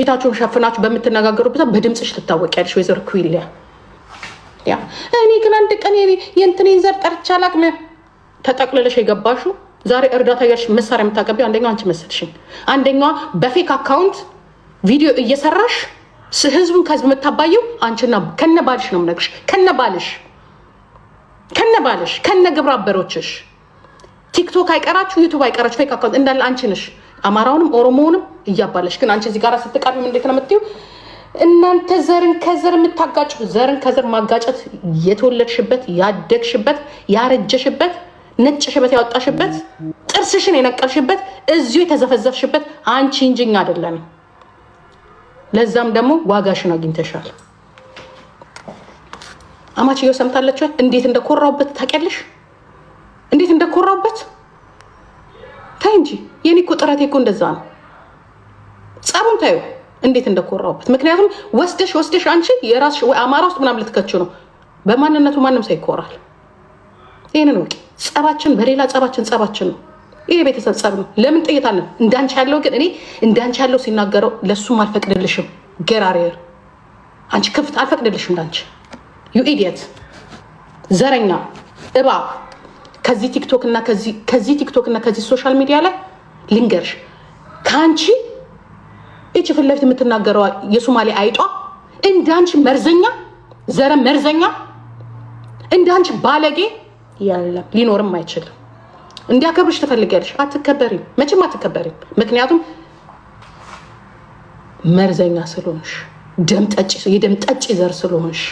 ፊታችሁን ሸፍናችሁ በምትነጋገሩበት በድምፅሽ ትታወቂያለሽ ወይዘሮ ኩዊሊያ። ያ እኔ ግን አንድ ቀን የእንትኔን ዘር ጠርቼ አላቅም። ተጠቅልለሽ የገባሽው ዛሬ እርዳታ እያልሽ መሳሪያ የምታቀቢ አንደኛው አንቺ መሰልሽኝ። አንደኛዋ በፌክ አካውንት ቪዲዮ እየሰራሽ ህዝቡን ከህዝብ የምታባየው አንቺና ከነ ባልሽ ነው የምነግርሽ። ከነ ባልሽ ከነ ባልሽ ከነ ግብረ አበሮችሽ ቲክቶክ አይቀራችሁ ዩቱብ አይቀራችሁ ፌክ አካውንት እንዳለ አንቺ ነሽ። አማራውንም ኦሮሞውንም እያባለሽ ግን አንቺ እዚህ ጋር ስትቀርብም እንዴት ነው የምትይው? እናንተ ዘርን ከዘር የምታጋጩ ዘርን ከዘር ማጋጨት የተወለድሽበት ያደግሽበት ያረጀሽበት ነጭ ሽበት ያወጣሽበት ጥርስሽን የነቀልሽበት እዚሁ የተዘፈዘፍሽበት አንቺ እንጂ እኛ አይደለንም። ለዛም ደግሞ ዋጋሽን አግኝተሻል። አማችየው ሰምታለች። እንዴት እንደኮራውበት ታውቂያለሽ? እንዴት እንደኮራውበት ታይ እንጂ የኔ እኮ ጥረቴ እኮ እንደዛ ነው። ጸቡን ታዩ እንዴት እንደኮራውበት። ምክንያቱም ወስደሽ ወስደሽ አንቺ የራስሽ ወይ አማራ ውስጥ ምናምን ልትከችው ነው። በማንነቱ ማንም ሰው ይኮራል። ይህንን ወቂ። ጸባችን በሌላ ጸባችን ጸባችን ነው። ይሄ ቤተሰብ ጸብ ነው። ለምን ጥይታለ እንዳንቺ ያለው ግን እኔ እንዳንቺ ያለው ሲናገረው ለሱም አልፈቅድልሽም። ገራሬር አንቺ ክፍት አልፈቅድልሽም። እንዳንቺ ዩ ኢዲየት ዘረኛ እባብ ከዚህ ቲክቶክ እና ከዚህ ቲክቶክ እና ከዚህ ሶሻል ሚዲያ ላይ ልንገርሽ ከአንቺ እች ፊት ለፊት የምትናገረው የሶማሌ አይጧ እንዳንቺ መርዘኛ ዘረ መርዘኛ እንዳንቺ ባለጌ የለም ሊኖርም አይችልም። እንዲያከብርሽ ትፈልጊያለሽ፣ አትከበሪም፣ መቼም አትከበሪም። ምክንያቱም መርዘኛ ስለሆንሽ የደም ጠጪ ዘር ስለሆንሽ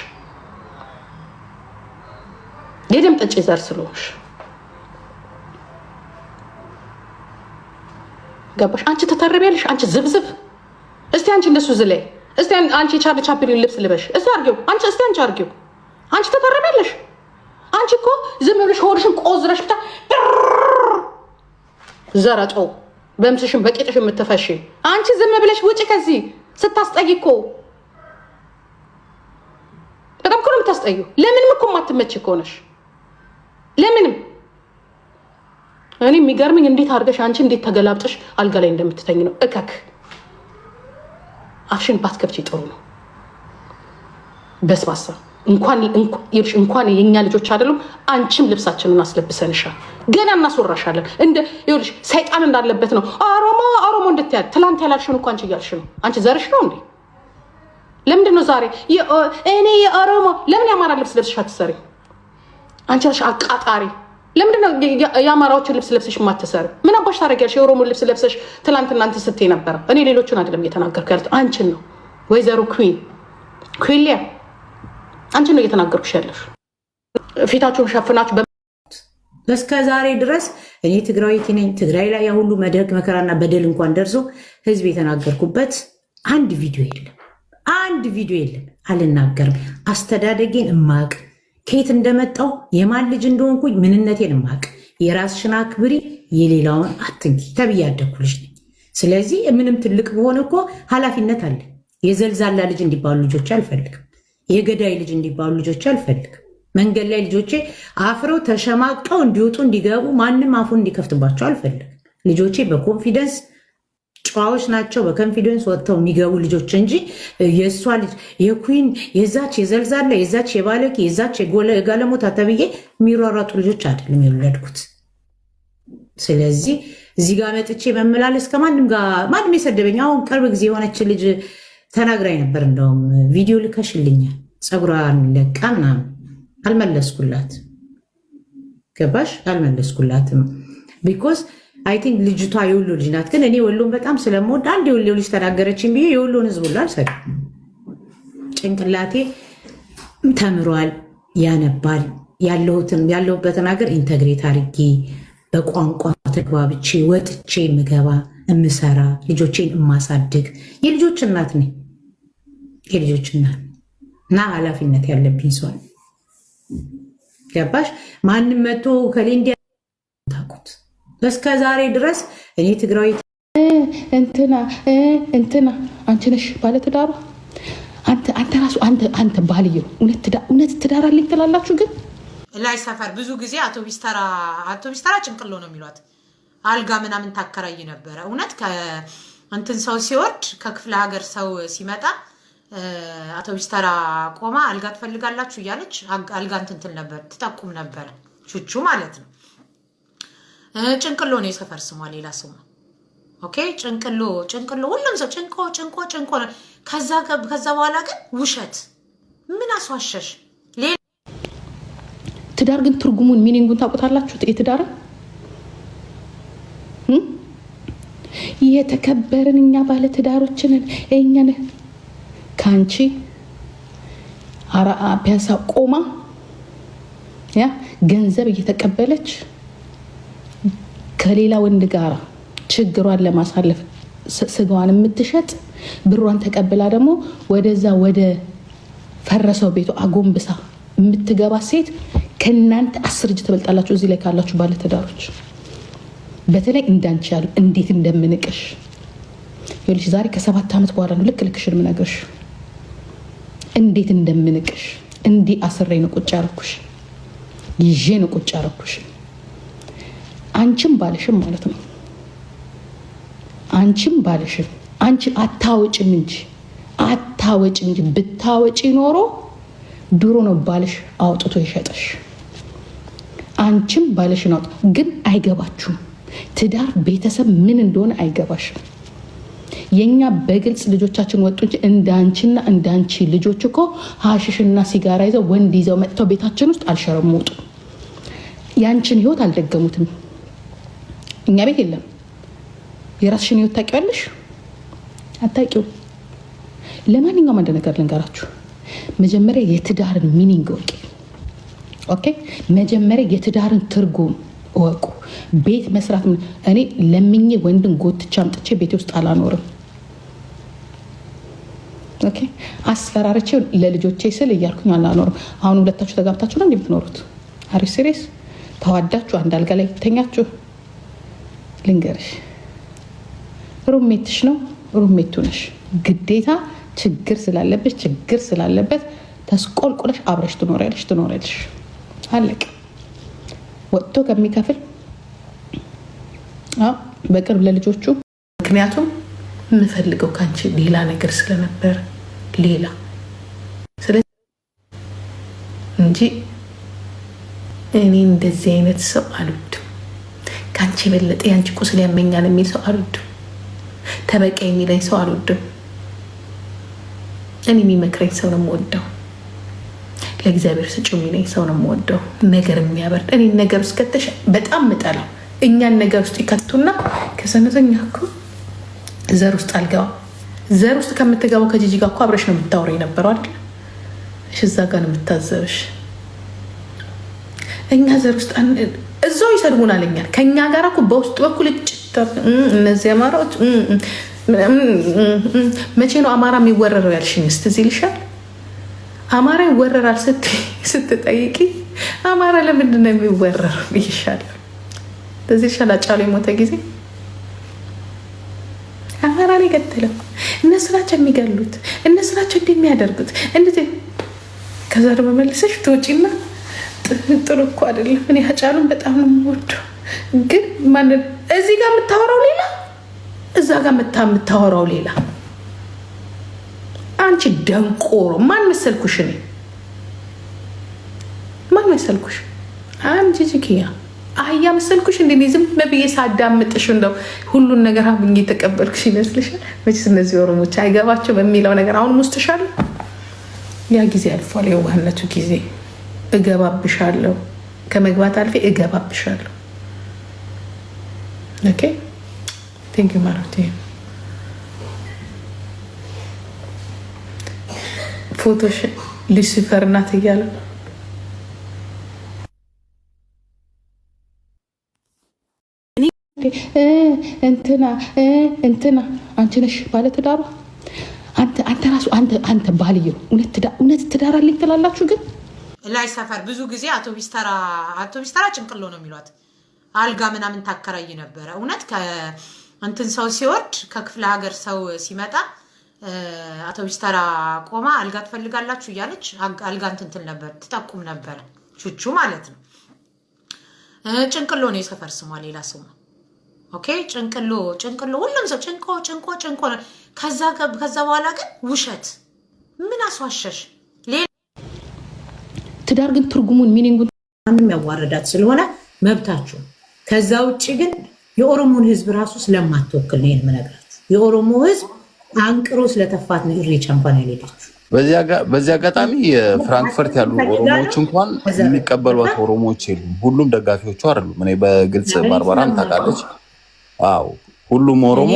የደም ጠጪ ዘር ስለሆንሽ ገባሽ? አንቺ ተተርቢያለሽ። አንቺ ዝብዝብ እስቲ አንቺ እንደሱ ዝላይ እስቲ አንቺ የቻርሊ ቻፕሊን ልብስ ልበሽ እስቲ አርጊው። አንቺ እስቲ አንቺ አርጊው። አንቺ ተተርቢያለሽ። አንቺ እኮ ዝም ብለሽ ሆድሽን ቆዝረሽ ብቻ ዘረጠው በምስሽን በቂጥሽ የምትፈሽ አንቺ ዝም ብለሽ ውጭ ከዚህ ስታስጠይ እኮ በጣም እኮ ነው የምታስጠዩ። ለምንም እኮ የማትመች ከሆነሽ ለምንም እኔ የሚገርምኝ እንዴት አድርገሽ አንቺ እንዴት ተገላብጠሽ አልጋ ላይ እንደምትተኝ ነው። እከክ አፍሽን ባትከፍቺ ጥሩ ነው። በስባሳ እንኳን የእኛ ልጆች አይደሉም፣ አንቺም ልብሳችንን አስለብሰንሻል። ገና እናስወራሻለን። እንደ ይኸውልሽ ሰይጣን እንዳለበት ነው። ኦሮሞ ኦሮሞ እንድትያል ትላንት ያላልሽን እኮ አንቺ እያልሽ ነው። አንቺ ዘርሽ ነው እንዴ? ለምንድን ነው ዛሬ እኔ የኦሮሞ ለምን የአማራ ልብስ ለብስሽ አትሰሪ? አንቺ ያልሽ አቃጣሪ ለምንድነው የአማራዎችን ልብስ ለብሰሽ የማትሰሪ? ምን አባሽ ታደርጊያለሽ? የኦሮሞን ልብስ ለብሰሽ ትላንት እናንተ ስትይ ነበረ። እኔ ሌሎቹን አይደለም እየተናገርኩ ያሉት አንቺን ነው ወይዘሮ ኩዊን ኩሊያ፣ አንቺን ነው እየተናገርኩሽ ያለሽ። ፊታችሁን ሸፍናችሁ እስከ ዛሬ ድረስ እኔ ትግራዊት ነኝ፣ ትግራይ ላይ ያሁሉ መድረክ መከራና በደል እንኳን ደርሶ ህዝብ የተናገርኩበት አንድ ቪዲዮ የለም፣ አንድ ቪዲዮ የለም። አልናገርም አስተዳደጌን እማቅ ከየት እንደመጣው የማን ልጅ እንደሆንኩኝ ምንነቴን ማቅ የራስሽን አክብሪ የሌላውን አትንኪ ተብዬ ያደኩ ልጅ ነኝ። ስለዚህ ምንም ትልቅ በሆነ እኮ ኃላፊነት አለ። የዘልዛላ ልጅ እንዲባሉ ልጆች አልፈልግም። የገዳይ ልጅ እንዲባሉ ልጆች አልፈልግም። መንገድ ላይ ልጆቼ አፍረው ተሸማቀው እንዲወጡ እንዲገቡ ማንም አፉን እንዲከፍትባቸው አልፈልግም። ልጆቼ በኮንፊደንስ ጨዋዎች ናቸው። በኮንፊደንስ ወጥተው የሚገቡ ልጆች እንጂ የእሷ ልጅ የኩን የዛች የዘልዛላ የዛች የባለጌ የዛች የጋለሞታ ተብዬ የሚሯሯጡ ልጆች አይደለም የወለድኩት። ስለዚህ እዚህ ጋር መጥቼ መመላለስ ከማንም ጋር ማንም የሰደበኝ አሁን ቅርብ ጊዜ የሆነች ልጅ ተናግራኝ ነበር። እንደውም ቪዲዮ ልከሽልኛል ፀጉሯን ለቃ ምናምን አልመለስኩላት። ገባሽ? አልመለስኩላትም ቢኮዝ አይ ቲንክ ልጅቷ የወሎ ልጅ ናት፣ ግን እኔ ወሎን በጣም ስለምወድ አንድ የወሎ ልጅ ተናገረችን ብዬ የወሎን ህዝብ ሁሉ አልሰድም። ጭንቅላቴ ተምሯል፣ ያነባል። ያለሁበትን ሀገር ኢንተግሬት አድርጌ በቋንቋ ተግባብቼ ወጥቼ ምገባ የምሰራ ልጆቼን የማሳድግ የልጆች እናት ነኝ። የልጆች እናት እና ኃላፊነት ያለብኝ ሰው ገባሽ? ማንም መቶ ከሌ እስከ ዛሬ ድረስ እኔ ትግራዊ እንትና እንትና አንቺ ነሽ ባለ ትዳሯ። አንተ ራሱ አንተ ባልየው እውነት ትዳር ትላላችሁ። ግን ላይ ሰፈር ብዙ ጊዜ አውቶቢስ ተራ አውቶቢስ ተራ ጭንቅሎ ነው የሚሏት። አልጋ ምናምን ታከራይ ነበረ። እውነት እንትን ሰው ሲወርድ ከክፍለ ሀገር ሰው ሲመጣ አውቶቢስ ተራ ቆማ አልጋ ትፈልጋላችሁ እያለች አልጋ እንትን ትል ነበር፣ ትጠቁም ነበር ቹቹ ማለት ነው። ጭንቅሎ ነው የሰፈር ስሟ፣ ሌላ ስሟ ኦኬ። ጭንቅሎ ጭንቅሎ፣ ሁሉም ሰው ጭንቆ ጭንቆ ጭንቆ ነው። ከዛ በኋላ ግን ውሸት ምን አስዋሸሽ? ትዳር ግን ትርጉሙን ሚኒንጉን ታውቁታላችሁት? የትዳርን የተከበርን እኛ ባለ ትዳሮችንን እኛን ከአንቺ ፒያሳ ቆማ ያ ገንዘብ እየተቀበለች ከሌላ ወንድ ጋር ችግሯን ለማሳለፍ ስጋዋን የምትሸጥ ብሯን ተቀብላ ደግሞ ወደዛ ወደ ፈረሰው ቤቱ አጎንብሳ የምትገባ ሴት ከእናንተ አስር እጅ ትበልጣላችሁ። እዚህ ላይ ካላችሁ ባለትዳሮች በተለይ እንዳንቺ ያሉ እንዴት እንደምንቅሽ ልጅ ዛሬ ከሰባት ዓመት በኋላ ነው ልክ ልክሽን ምነግርሽ። እንዴት እንደምንቅሽ እንዲህ አስሬ ነው ቁጭ ያረኩሽ፣ ይዤ ነው ቁጭ ያረኩሽ። አንቺም ባልሽም ማለት ነው። አንቺም ባልሽም አንቺ አታወጭም እንጂ አታወጭም እንጂ ብታወጪ ኖሮ ድሮ ነው ባልሽ አውጥቶ ይሸጠሽ። አንቺም ባልሽን አውጥ። ግን አይገባችሁም። ትዳር፣ ቤተሰብ ምን እንደሆነ አይገባሽም። የእኛ በግልጽ ልጆቻችን ወጡ እንጂ እንዳንቺና እንዳንቺ ልጆች እኮ ሀሽሽና ሲጋራ ይዘው ወንድ ይዘው መጥተው ቤታችን ውስጥ አልሸረሞጡም። ያንቺን ህይወት አልደገሙትም። እኛ ቤት የለም። የራስሽን ህይወት ታውቂዋለሽ? አታውቂውም። ለማንኛውም አንድ ነገር ልንገራችሁ። መጀመሪያ የትዳርን ሚኒንግ እወቂ። ኦኬ፣ መጀመሪያ የትዳርን ትርጉም እወቁ። ቤት መስራት እኔ ለምኜ ወንድን ጎትቻ አምጥቼ ቤቴ ውስጥ አላኖርም። ኦኬ፣ አስፈራርቼ ለልጆቼ ስል እያልኩኝ አላኖርም። አሁን ሁለታችሁ ተጋብታችሁ ነው እንደምትኖሩት? አሪፍ ሲሪየስ ተዋዳችሁ አንድ አልጋ ላይ ተኛችሁ ልንገርሽ፣ ሩሜትሽ ነው ሩሜቱ ነሽ። ግዴታ ችግር ስላለበት ችግር ስላለበት ተስቆልቁለሽ አብረሽ ትኖሪያለሽ ትኖሪያለሽ። አለቅ ወጥቶ ከሚከፍል በቅርብ ለልጆቹ ምክንያቱም የምፈልገው ከአንቺ ሌላ ነገር ስለነበር ሌላ እንጂ እኔ እንደዚህ አይነት ሰው አሉ ከአንቺ የበለጠ የአንቺ ቁስል ያመኛል የሚል ሰው አልወድም። ተበቃ የሚለኝ ሰው አልወድም። እኔ የሚመክረኝ ሰው ነው የምወደው። ለእግዚአብሔር ስጩ የሚለኝ ሰው ነው የምወደው። ነገር የሚያበርድ እኔ ነገር ውስጥ ከተሽ በጣም ምጠላው እኛን ነገር ውስጥ ይከቱና ከሰነዘኛ እኮ ዘር ውስጥ አልገባም። ዘር ውስጥ ከምትገባው ከጂጂ ጋር እኮ አብረሽ ነው የምታወረ የነበረው አይደል? እዛ ጋር ነው የምታዘብሽ። እኛ ዘር ውስጥ እዛው ይሰድቡናል። እኛን ከእኛ ጋር እኮ በውስጥ በኩል እጭታ እነዚህ አማራዎች መቼ ነው አማራ የሚወረረው ያልሽኝ? እስቲ እዚህ ልሻል አማራ ይወረራል ስትጠይቂ አማራ ለምንድን ነው የሚወረረው ብይሻለሁ። እዚህ ልሻል አጫሉ የሞተ ጊዜ አማራ ነው የገደለው። እነሱ ናቸው የሚገሉት፣ እነሱ ናቸው እንደሚያደርጉት። እንደዚህ ከዛ ደግሞ መልሰሽ ትወጪና ጥሩ እኮ አይደለም። እኔ ሀጫሉን በጣም ነው የምወደው፣ ግን ማንን እዚህ ጋር የምታወራው ሌላ፣ እዛ ጋር የምታወራው ሌላ። አንቺ ደንቆሮ ማን መሰልኩሽ? እኔ ማን መሰልኩሽ? አንቺ ጅጅኪያ አህያ መሰልኩሽ? እንደ ዝም ብዬ ሳዳምጥሽ እንደው ሁሉን ነገር አብኝ የተቀበልኩሽ ይመስልሻል? መቼስ እነዚህ ኦሮሞች አይገባቸው በሚለው ነገር አሁን ውስጥሻል። ያ ጊዜ አልፏል፣ የዋህነቱ ጊዜ እገባብሻለሁ ከመግባት አልፌ እገባብሻለሁ። ኦኬ ቴንክ ዩ ማለት ፎቶሽ ሉሲፈር ናት እያለ እንትና እንትና አንቺ ነሽ ባለ ትዳሯ አንተ ራሱ አንተ ባልየው እውነት ትዳር አለኝ ትላላችሁ ግን ላይ ሰፈር ብዙ ጊዜ አውቶቢስ ተራ አውቶቢስ ተራ ጭንቅሎ ነው የሚሏት። አልጋ ምናምን ታከራይ ነበረ። እውነት እንትን ሰው ሲወርድ ከክፍለ ሀገር ሰው ሲመጣ አውቶቢስ ተራ ቆማ አልጋ ትፈልጋላችሁ እያለች አልጋ እንትን ትል ነበር፣ ትጠቁም ነበረ። ቹቹ ማለት ነው። ጭንቅሎ ነው የሰፈር ስሟ፣ ሌላ ስሟ ኦኬ። ጭንቅሎ ጭንቅሎ፣ ሁሉም ሰው ጭንቆ ጭንቆ ጭንቆ። ከዛ በኋላ ግን ውሸት ምን አስዋሸሽ? ትዳር ግን ትርጉሙን ሚኒንጉን ማንም ያዋረዳት ስለሆነ መብታችሁ። ከዛ ውጭ ግን የኦሮሞን ህዝብ ራሱ ስለማትወክል ነው የምነግራችሁ። የኦሮሞ ህዝብ አንቅሮ ስለተፋት ነው ኢሬቻ እንኳን ያልሄዳችሁ። በዚህ አጋጣሚ ፍራንክፈርት ያሉ ኦሮሞዎች እንኳን የሚቀበሏት ኦሮሞዎች የሉም። ሁሉም ደጋፊዎቹ አይደሉም። እኔ በግልጽ ባርባራም ታውቃለች። አዎ ሁሉም ኦሮሞ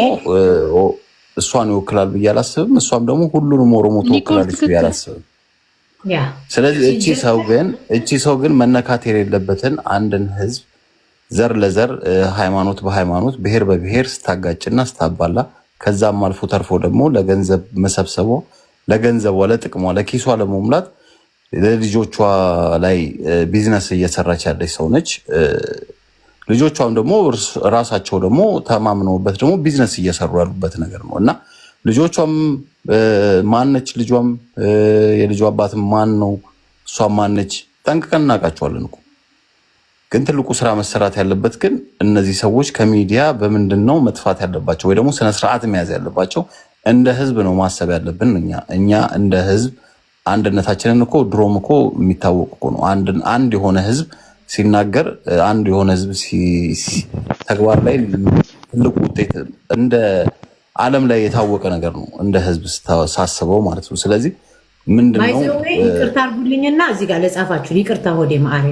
እሷን ይወክላል ብዬ አላስብም። እሷም ደግሞ ሁሉንም ኦሮሞ ትወክላለች ብዬ አላስብም። ስለዚህ እቺ ሰው ግን እቺ ሰው ግን መነካት የሌለበትን አንድን ህዝብ ዘር ለዘር ሃይማኖት በሃይማኖት ብሔር በብሔር ስታጋጭና ስታባላ ከዛም አልፎ ተርፎ ደግሞ ለገንዘብ መሰብሰቧ ለገንዘቧ ለጥቅሟ ለኪሷ ለመሙላት ለልጆቿ ላይ ቢዝነስ እየሰራች ያለች ሰው ነች። ልጆቿም ደግሞ ራሳቸው ደግሞ ተማምነውበት ደግሞ ቢዝነስ እየሰሩ ያሉበት ነገር ነው እና ልጆቿም ማነች፣ ልጇም የልጇ አባትም ማን ነው፣ እሷም ማነች ጠንቅቀን እናውቃቸዋለን እኮ። ግን ትልቁ ስራ መሰራት ያለበት ግን እነዚህ ሰዎች ከሚዲያ በምንድን ነው መጥፋት ያለባቸው ወይ ደግሞ ስነስርዓት መያዝ ያለባቸው? እንደ ህዝብ ነው ማሰብ ያለብን። እኛ እኛ እንደ ህዝብ አንድነታችንን እኮ ድሮም እኮ የሚታወቅ እኮ ነው። አንድ የሆነ ህዝብ ሲናገር አንድ የሆነ ህዝብ ተግባር ላይ ትልቁ ውጤት እንደ ዓለም ላይ የታወቀ ነገር ነው እንደ ህዝብ ሳስበው ማለት ነው። ስለዚህ ምንድነው ይቅርታ አድርጉልኝና እዚህ ጋር ለጻፋችሁ ይቅርታ ወደ ማአሬ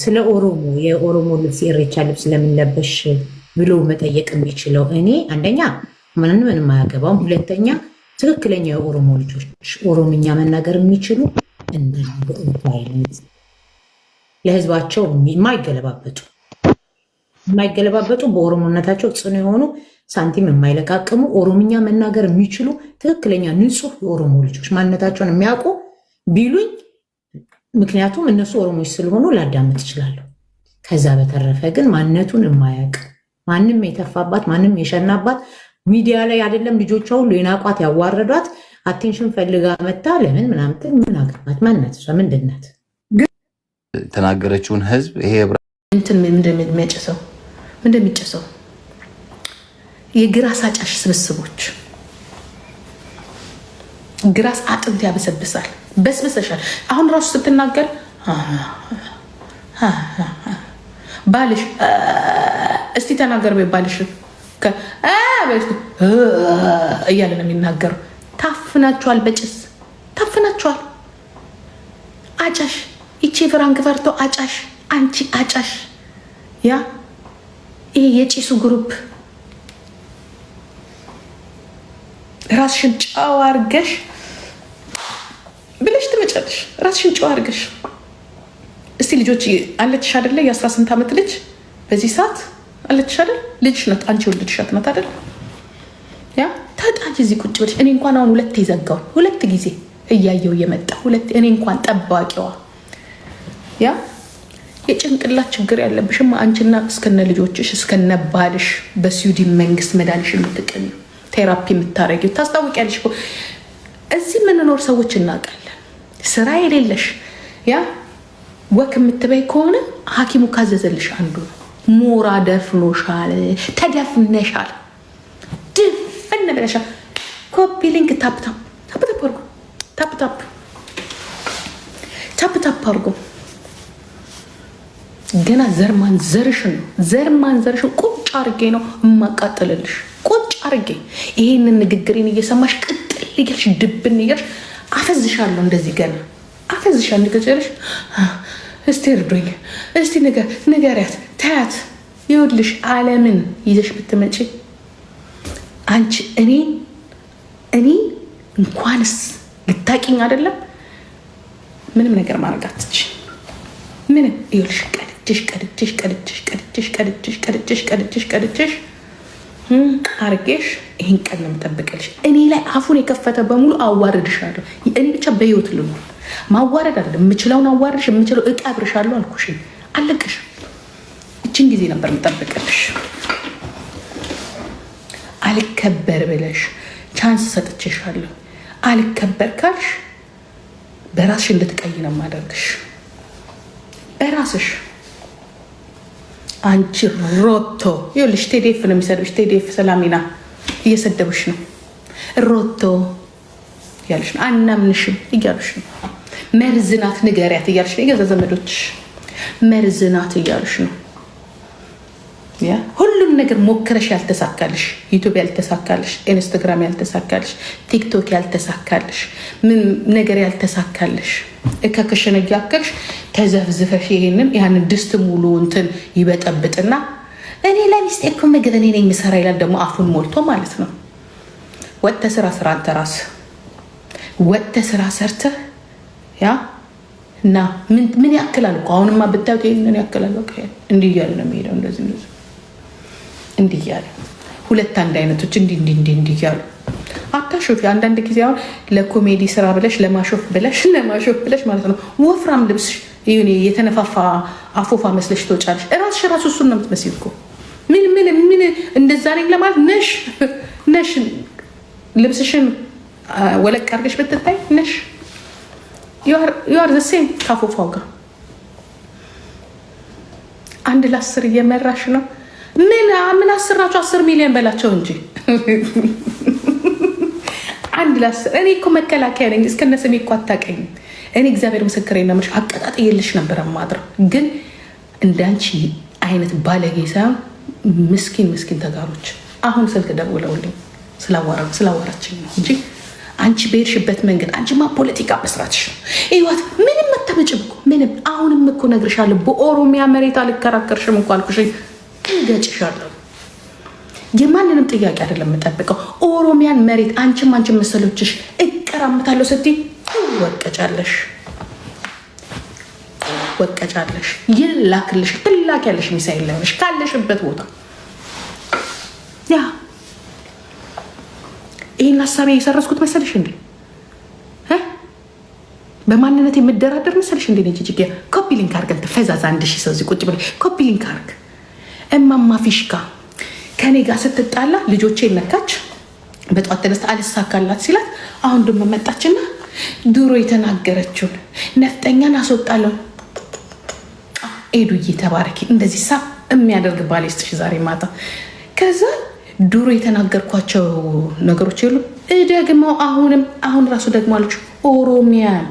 ስለ ኦሮሞ የኦሮሞ ልብስ የኢሬቻ ልብስ ለምንለበሽ ብሎ መጠየቅ የሚችለው እኔ አንደኛ ምንን ምንም አያገባውም፣ ሁለተኛ ትክክለኛ የኦሮሞ ልጆች ኦሮምኛ መናገር የሚችሉ እንደባይነት ለህዝባቸው የማይገለባበጡ የማይገለባበጡ በኦሮሞነታቸው ጽኑ የሆኑ ሳንቲም የማይለቃቅሙ ኦሮምኛ መናገር የሚችሉ ትክክለኛ ንጹህ የኦሮሞ ልጆች ማንነታቸውን የሚያውቁ ቢሉኝ፣ ምክንያቱም እነሱ ኦሮሞች ስለሆኑ ላዳምጥ እችላለሁ። ከዛ በተረፈ ግን ማንነቱን የማያውቅ ማንም የተፋባት ማንም የሸናባት ሚዲያ ላይ አይደለም ልጆቿ ሁሉ የናቋት ያዋረዷት አቴንሽን ፈልጋ መታ ለምን ምናምን ምን አገባት? ማናት? እሷ ምንድን ናት? የተናገረችውን ህዝብ ይሄ ምንድን የሚጨሰው የግራስ አጫሽ ስብስቦች ግራስ አጥንት ያበሰብሳል። በስብሰሻል። አሁን ራሱ ስትናገር ባልሽ እስቲ ተናገር ባልሽ እያለ ነው የሚናገሩ። ታፍናችኋል፣ በጭስ ታፍናችኋል። አጫሽ ይቺ ፍራንክ ፈርቶ አጫሽ፣ አንቺ አጫሽ። ያ ይሄ የጭሱ ግሩፕ ራስሽን ጨዋ አርገሽ ብለሽ ትመጫለሽ። ራስሽን ጨዋ አርገሽ እስቲ ልጆች አለችሽ አደለ? የአስራ ስንት ዓመት ልጅ በዚህ ሰዓት አለችሽ አይደል? ልጅሽ ናት፣ አንቺ ወለድሻት ናት አይደል? ያ ተጣጅ እዚህ ቁጭ ብለሽ እኔ እንኳን አሁን ሁለት የዘጋውን ሁለት ጊዜ እያየው የመጣ ሁለት እኔ እንኳን ጠባቂዋ ያ የጭንቅላት ችግር ያለብሽማ አንቺና እስከነ ልጆችሽ እስከነ ባልሽ በስዊድን መንግስት መዳንሽ የምትቀኙ ቴራፒ የምታደርጊው ታስታውቂያለሽ። እዚህ የምንኖር ሰዎች እናውቃለን። ስራ የሌለሽ ያ ወክ የምትበይ ከሆነ ሐኪሙ ካዘዘልሽ አንዱ ነው። ሞራ ደፍኖሻል፣ ተደፍነሻል፣ ድፍን ብለሻል። ኮፒ ሊንክ ታፕታፕ ታፕታፕ አርጎ ታፕታፕ ታፕታፕ አርጎ ገና ዘር ማንዘርሽን ነው ዘር ማንዘርሽን ቁጭ አርጌ ነው የማቃጠልልሽ። ቁጭ አርጌ ይሄንን ንግግሬን እየሰማሽ ቅጥል እያልሽ ድብን እያልሽ አፈዝሻለሁ። እንደዚህ ገና አፈዝሻ ንገጨልሽ እስቲ እርዱኝ፣ እስቲ ንገሪያት፣ ታያት። ይኸውልሽ አለምን ይዘሽ ብትመጪ አንቺ እኔ እኔ እንኳንስ ልታቂኝ አይደለም ምንም ነገር ማድረግ አትችይም። ምንም ይኸውልሽ ቀን ቀድቼሽ ቀድቼሽ ቀድቼሽ ቀድቼሽ ቀድቼሽ ቀድቼሽ ቀድቼሽ ቀድቼሽ አርጌሽ ይህን ቀን ነው የምጠብቅልሽ። እኔ ላይ አፉን የከፈተ በሙሉ አዋርድሻለሁ። ብቻ በህይወት ልኖር ማዋረድ አለ የምችለውን አዋርድሽ የምችለው እቃ አብርሻለሁ አልኩሽ። አለቅሽም። እችን ጊዜ ነበር የምጠብቅልሽ። አልከበር ብለሽ ቻንስ ሰጥቼሻለሁ። አልከበር ካልሽ በራስሽ እንድትቀይ ነው የማደርግሽ በራስሽ አንቺ ሮቶ ይኸውልሽ፣ ቴዴፍ ነው የሚሰድብሽ። ቴዴፍ ሰላሚና እየሰደብሽ ነው። ሮቶ እያሉሽ ነው። አናምንሽም እያሉሽ ነው። መርዝናት ንገሪያት እያሉሽ ነው። የገዛ ዘመዶች መርዝናት እያሉሽ ነው። ነገር ሞክረሽ ያልተሳካልሽ፣ ዩቱብ ያልተሳካልሽ፣ ኢንስታግራም ያልተሳካልሽ፣ ቲክቶክ ያልተሳካልሽ፣ ምን ነገር ያልተሳካልሽ እከክሽን እያከልሽ ተዘፍዝፈሽ ይሄንን ያንን ድስት ሙሉ እንትን ይበጠብጥና እኔ ለሚስጤ እኮ ምግብ እኔ ነኝ የምሰራ ይላል። ደግሞ አፉን ሞልቶ ማለት ነው። ወጥተ ስራ ስራ አንተ ራስ ወጥተ ስራ ሰርተህ ያ እና ምን ያክላል? አሁንማ ብታዩት ይሄንን ያክላል። በቃ እንዲህ እያለ ነው የሚሄደው እንደዚህ እንደዚህ እንዲህ እያለ ሁለት አንድ አይነቶች እንዲህ እንዲህ እንዲህ እንዲህ እያሉ አታሾፊ። አንዳንድ ጊዜ አሁን ለኮሜዲ ስራ ብለሽ ለማሾፍ ብለሽ ለማሾፍ ብለሽ ማለት ነው ወፍራም ልብስ የተነፋፋ አፎፋ መስለሽ ትወጫለሽ። እራስሽ እራሱ እሱን ነው የምትመስል እኮ ምን ምን ምን እንደዛ ነኝ ለማለት ነሽ ነሽ ልብስሽን ወለቅ አድርገሽ ብትታይ ነሽ ዩአር ዘሴም ካፎፋው ጋር አንድ ለአስር እየመራሽ ነው። ምን ምን አሰራችሁ? አስር ሚሊዮን በላቸው እንጂ አንድ ለአስር። እኔ እኮ መከላከያ ነኝ። እስከነ ስሜ እኮ አታውቂኝም። እኔ እግዚአብሔር ምስክሬ ነምሽ አቀጣጥ የልሽ ነበር ማድረ ግን እንዳንቺ አይነት ባለጌ ሳይሆን ምስኪን ምስኪን ተጋሮች አሁን ስልክ ደውለውልኝ ስላወራችኝ ነው እንጂ አንቺ በሄድሽበት መንገድ አንቺማ ፖለቲካ መስራትሽ ነው። ይዋት ምንም አታመጭም ምንም። አሁንም እኮ ነግርሻለሁ፣ በኦሮሚያ መሬት አልከራከርሽም እንኳ አልኩሽ። እገጭሻለሁ። የማንንም ጥያቄ አይደለም የምጠብቀው። ኦሮሚያን መሬት አንቺም አንቺም መሰሎችሽ እቀራምታለሁ ስትይ ወቀጫለሽ ወቀጫለሽ። ይላክልሽ ትላክ ያለሽ ሚሳይል ላይሆነሽ ካለሽበት ቦታ ያ ይህን ሀሳቤ የሰረስኩት መሰለሽ እንዴ? በማንነት የምደራደር መሰለሽ እንዴ? ጂጂኪያ ኮፒ ሊንክ አድርገን ተፈዛዛ አንድ ሺህ ሰው እዚህ ቁጭ ብለሽ ኮፒ ሊንክ አርግ እማማ ፊሽካ ከኔ ጋር ስትጣላ ልጆቼ መታች። በጠዋት ተነስታ አልሳካላት ሲላት አሁን ደሞ መጣችና ድሮ የተናገረችውን ነፍጠኛን አስወጣለሁ። ኤዱዬ ተባረኪ። እንደዚህ ሳ የሚያደርግ ባል ይስጥሽ ዛሬ ማታ። ከዛ ድሮ የተናገርኳቸው ነገሮች የሉ ደግሞ አሁንም አሁን ራሱ ደግሞ አለች ኦሮሚያን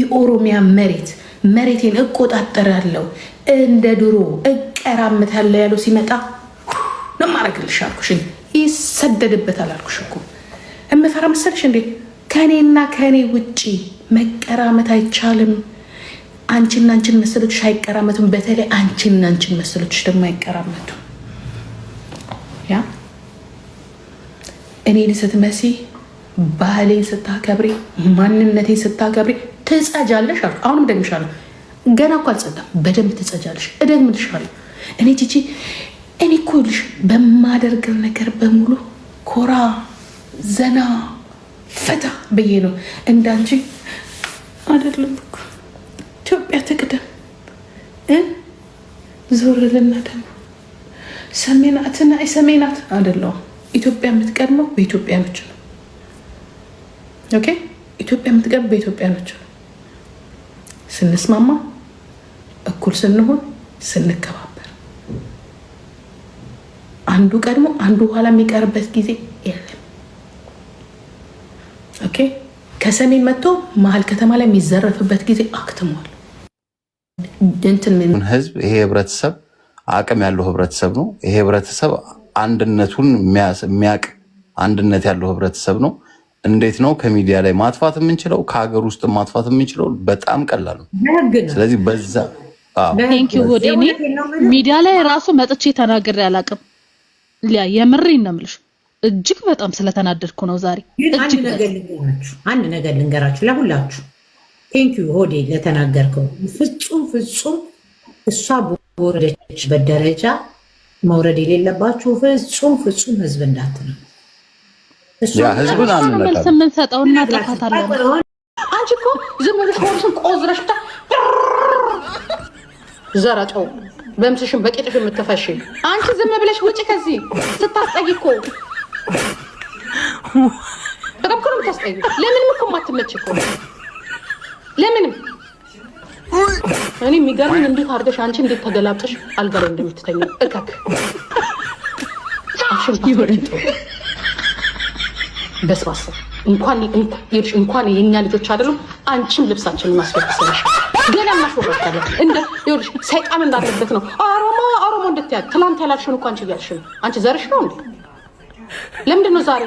የኦሮሚያ መሬት መሬቴን እቆጣጠራለሁ እንደ ድሮ እቀራምታለሁ ያለው ሲመጣ ነው ማረግልሽ አልኩሽ። ይሰደድበታል አልኩሽ እኮ እምፈራ መሰልሽ እንዴ? ከእኔና ከእኔ ውጭ መቀራመት አይቻልም። አንቺና አንቺን መሰሎችሽ አይቀራመቱም። በተለይ አንቺና አንቺን መሰሎችሽ ደግሞ አይቀራመቱም። ያ እኔን ስትመሲ፣ ባህሌን ስታከብሬ፣ ማንነቴን ስታከብሬ ትጸጃለሽ። አሁንም ደግምሻለሁ ገና እኮ አልጸዳም። በደንብ ትጸጃለሽ፣ እደግምልሻለሁ። እኔ ቺቺ እኔ እኮ ይኸውልሽ በማደርገው ነገር በሙሉ ኮራ ዘና ፈታ ብዬ ነው። እንዳንቺ አይደለም እኮ ኢትዮጵያ ትቅደም። ዞር ልና ደግሞ ሰሜናትና ሰሜናት አይደለዋ ኢትዮጵያ የምትቀድመው ነች ነው። ኦኬ ኢትዮጵያ የምትቀድመው ነች ነው ስንስማማ እኩል ስንሆን ስንከባበር፣ አንዱ ቀድሞ አንዱ ኋላ የሚቀርበት ጊዜ የለም። ኦኬ ከሰሜን መጥቶ መሀል ከተማ ላይ የሚዘረፍበት ጊዜ አክትሟል። ህዝብ ይሄ ህብረተሰብ አቅም ያለው ህብረተሰብ ነው። ይሄ ህብረተሰብ አንድነቱን የሚያቅ አንድነት ያለው ህብረተሰብ ነው። እንዴት ነው ከሚዲያ ላይ ማጥፋት የምንችለው? ከሀገር ውስጥ ማጥፋት የምንችለው በጣም ቀላል ነው። ስለዚህ በዛ ቴንክ ዩ ጉድ። እኔ ሚዲያ ላይ ራሱ መጥቼ ተናግሬ አላውቅም። ሊያ የምሬን ነው የምልሽ። እጅግ በጣም ስለተናደድኩ ነው ዛሬ። እጅግ አንድ ነገር ልንገራችሁ ለሁላችሁ። ቴንክ ዩ ሆዴ ለተናገርከው። ፍጹም ፍጹም እሷ በወረደችበት ደረጃ መውረድ የሌለባችሁ ፍጹም ፍጹም ህዝብ እንዳትነው ህዝቡን መልስ የምንሰጠውና ጥፋት አለ። አንቺ እኮ ዝም ብለሽ ቆዝረሽ ዘራጨው በምስሽን በቂጥሽ የምትፈሽ አንቺ ዝም ብለሽ ውጭ ከዚህ ስታስጠይ እኮ ተቀብክሮ ምታስጠይ ለምንም እኮ ማትመች እኮ ለምንም እኔ የሚገርምን እንዴት አድርገሽ አንቺ እንዴት ተገላብጠሽ አልጋ ላይ እንደምትተኝ እከክ በስባሰብ እንኳን እንኳን የእኛ ልጆች አይደሉም አንቺም ልብሳችንን ማስለብሰሽ ገላናሽ ወጣለ እንደ ይኸውልሽ ሰይጣን እንዳለበት ነው። ኦሮሞ ኦሮሞ እንደትያ ትላንት ያላልሽውን እኮ አንቺ እያልሽ ነው። አንቺ ዘርሽ ነው እንዴ? ለምንድን ነው ዛሬ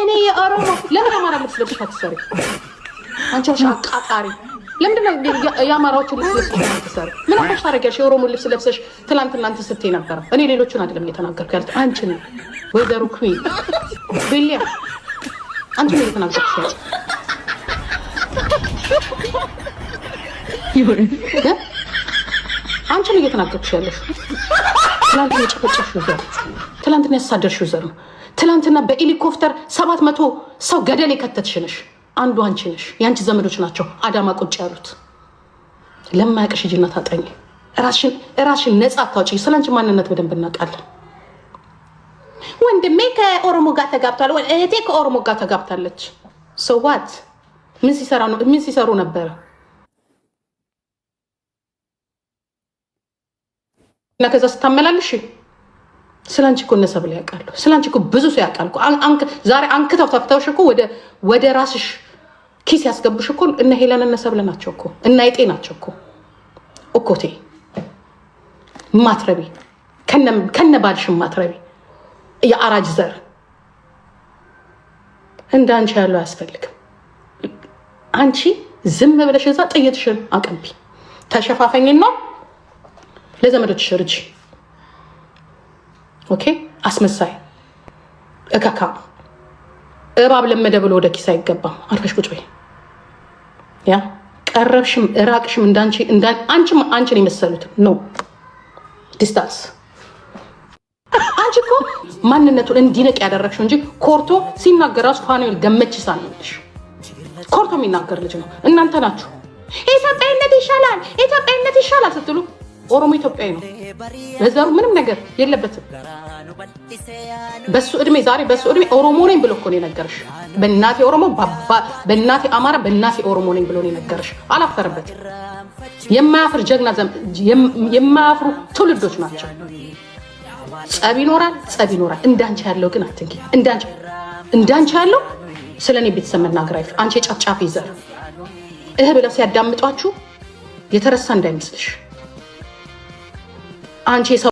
እኔ የኦሮሞ ለምን አማራ ልብስ ለብሽ አትሰሪ? አንቺ ሽ አቃጣሪ ለምንድን ነው የአማራዎቹ ልብስ ለብሰሽ አትሰሪ? ምን አባሽ ታደርጊያለሽ? የኦሮሞ ልብስ ለብሰሽ ትላንት እናንተ ስትይ ነበረ። እኔ ሌሎቹን አይደለም እየተናገርኩ ያሉት አንቺ ነው። ወይዘሮ ኩኝ ቢሊያ አንቺ ነው እየተናገርኩ ያሉት አንቺ ነው እየተናገርኩሽ ያለሽ። ትላንትና የጨፈጨፍሽው ዘር፣ ትላንትና ያሳደርሽው ዘር ነው። ትላንትና በሄሊኮፕተር ሰባት መቶ ሰው ገደል የከተትሽ ነሽ። አንዱ አንቺ ነሽ። የአንቺ ዘመዶች ናቸው አዳማ ቁጭ ያሉት። ለማያውቅሽ ሂጂና ታጠኚ። ራሽን ነፃ አታውጪ። ስለአንቺ ማንነት በደንብ እናውቃለን። ወንድሜ ከኦሮሞ ጋር ተጋብቷል፣ እህቴ ከኦሮሞ ጋር ተጋብታለች። ሰዋት ምን ሲሰሩ ነበረ? እና ከዛ ስታመላልሽ ስለ አንቺ እኮ እነሰብ ላይ ያውቃሉ። ስለ አንቺ እኮ ብዙ ሰው ያውቃል። ዛሬ አንክተው ተፍተውሽ እኮ ወደ ራስሽ ኪስ ያስገቡሽ እኮ እነ ሄለን እነ ናቸው እኮ እና የጤ ናቸው እኮ እኮቴ ማትረቢ ከነ ባልሽ ማትረቢ የአራጅ ዘር እንደ አንቺ ያለው አያስፈልግም። አንቺ ዝም ብለሽ እዛ ጥይትሽን አቅንቢ ተሸፋፈኝና ለዘመዶች ርጅ ኦኬ፣ አስመሳይ እካካ እባብ ለመደ ብሎ ወደ ኪስ አይገባም። አርፈሽ ቁጭ በይ። ያ ቀረብሽም እራቅሽም እንዳንቺ አንቺም አንቺን የመሰሉት ነው። ዲስታንስ አንቺ እኮ ማንነቱን እንዲነቅ ያደረግሽው እንጂ ኮርቶ ሲናገር ራሱ ፋኑኤል ገመችሳ ነሽ። ኮርቶ የሚናገር ልጅ ነው። እናንተ ናችሁ ኢትዮጵያዊነት ይሻላል ኢትዮጵያዊነት ይሻላል ስትሉ ኦሮሞ ኢትዮጵያዊ ነው፣ በዘሩ ምንም ነገር የለበትም። በሱ እድሜ ዛሬ በሱ እድሜ ኦሮሞ ነኝ ብሎ እኮ ነው የነገርሽ። በእናቴ ኦሮሞ፣ በእናቴ አማራ፣ በእናቴ ኦሮሞ ነኝ ብሎ ነው የነገርሽ። አላፈረበት። የማያፍር ጀግና፣ የማያፍሩ ትውልዶች ናቸው። ጸብ ይኖራል፣ ጸብ ይኖራል። እንዳንቺ ያለው ግን አትንኪ። እንዳንቺ እንዳንቺ ያለው ስለ እኔ ቤተሰብ መናገር አይፍ አንቺ የጫፍጫፍ ይዘር እህ ብለው ሲያዳምጧችሁ የተረሳ እንዳይመስልሽ። Auntie's